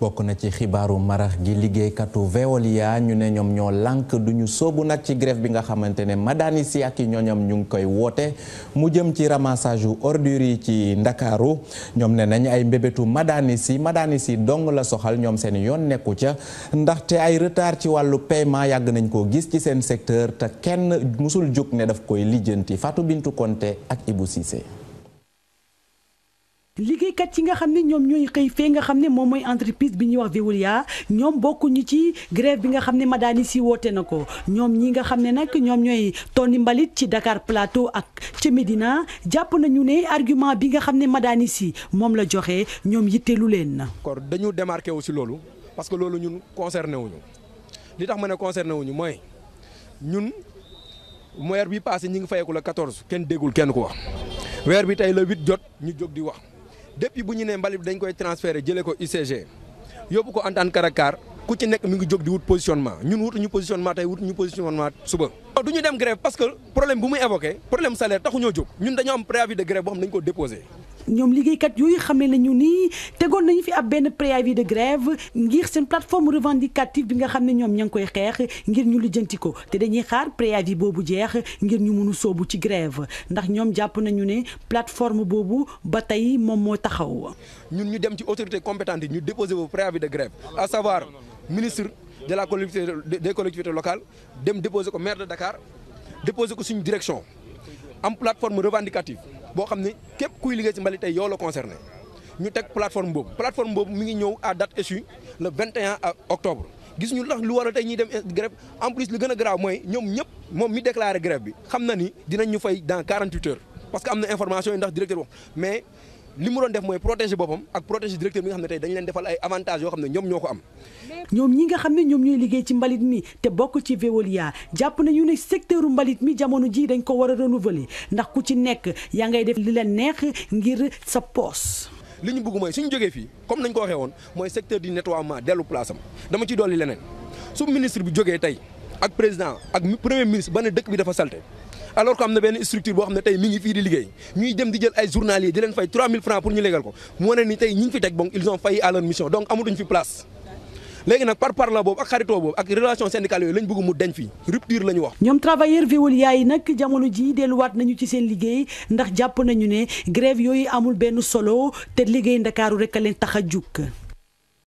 bokk na ci xibaaru marax gi liggéeykatu Veolia ñu ne ñoom ñoo lànk duñu soobu nag ci grève bi nga xamante ne Madani Si ak i ñooñam ñu ngi koy woote mu jëm ci ramassage yu ordures ci Ndakaaru ñoom ne nañ ay mbébétu Madani Si Madani Si dong la soxal ñoom seen yoon nekku ca ndaxte ay retard ci wàllu paiement yàgg nañ koo gis ci seen secteur te kenn musul jóg ne daf koy lijjanti Fatou Bintou Konté ak Ibou Cissé liggéeykat yi nga xam ne ñoom ñooy xëy fee nga xam ne moom mooy entreprise bi ñuy wax Veolia ñoom bokkuñu ci grève bi nga xam ne Madani si woote na ko ñoom ñi nga xam ne nag ñoom ñooy tonni mbalit ci dakaar Plateau ak ca jàpp nañu ne argument bi nga xam ne Madani si moom la joxe ñoom yitteelu leen na. kon dañu démarqué wu si loolu parce que loolu ñun concerné wuñu li tax ma ne concerné wuñu mooy ñun weer bi passé ñi ngi fayeeku la kenn déggul kenn ko wax weer bi tey la jot ñu jóg di wax. depuis bu ñu nee mbalit dañ koy transféré jëlee ko UCG yóbbu ko Antan Karakar ku ci nekk mi ngi jóg di wut positionnement ñun wutuñu positionnement tey wutuñu positionnement suba. du ñu dem grève parce que problème mu muy évoqué problème salaire taxuñoo jóg ñun dañoo am préavis de grève boo xam dañ ko déposé. ñoom liggéeykat yooyu xam xamee nañu nii tegoon nañu fi ab benn préavis de grève ngir seen plateforme revendicative bi nga xam ne ñoom ña ngi koy xeex ngir ñu lijjanti ko te dañuy xaar préavis boobu jeex ngir ñu mënu soobu ci grève ndax ñoom jàpp nañu ne plateforme boobu ba tey moom moo taxaw. ñun ñu dem ci autorité compétente yi ñu déposer boobu préavis de grève à savoir ministre de la collectivité des collectivités locales dem déposer ko maire de Dakar déposer ko suñu direction am plateforme revendicative. boo xam ne képp kuy liggéey ci mbalit tey yow la concerné ñu teg plateforme boobu plateforme boobu mu ngi ñëw à date échue le 21 octobre gis ñu ndax lu war a tey ñuy dem grève en plus li gën a garaaw mooy ñoom ñëpp moom mi déclaré grève bi xam na ni dinañ ñu fay dans 48 heures parce que am na information yi ndax directeur wax mais li mu doon def mooy protéger boppam ak protéger directeur bi nga xam ne tey dañu leen defal ay avantages yoo xam ne ñoom ñoo ko am. ñoom ñi nga xam ne ñoom ñooy liggéey ci mbalit mi te bokk ci Veolia jàpp nañu ne secteur mbalit mi jamono ji dañ ko war a renouveler ndax ku ci nekk yaa ngay def li la neex ngir sa poos. li ñu bëgg mooy suñu jógee fii comme nañ ko waxee woon mooy secteur du nettoiement dellu place am dama ci dolli leneen su ministre bi jógee tey ak président ak premier ministre ba ne dëkk bi dafa salté alors que am na benn structure boo xam ne tey mi ngi fii di liggéey ñuy dem di jël ay journaliers di leen fay 3000 pour ñu légal ko mu ne ni tey ñi ñu fi teg bon ils ont failli à leur mission donc amatuñ fi place léegi nag par par la boobu ak xaritoo boobu ak relation syndicale yooyu lañ bëgg mu deñ fi rupture la ñu wax. ñoom travailleur Veolia yi nag jamono ji delluwaat nañu ci seen liggéey ndax jàpp nañu ne grève yooyu amul benn solo te liggéey Ndakaaru rek a leen tax a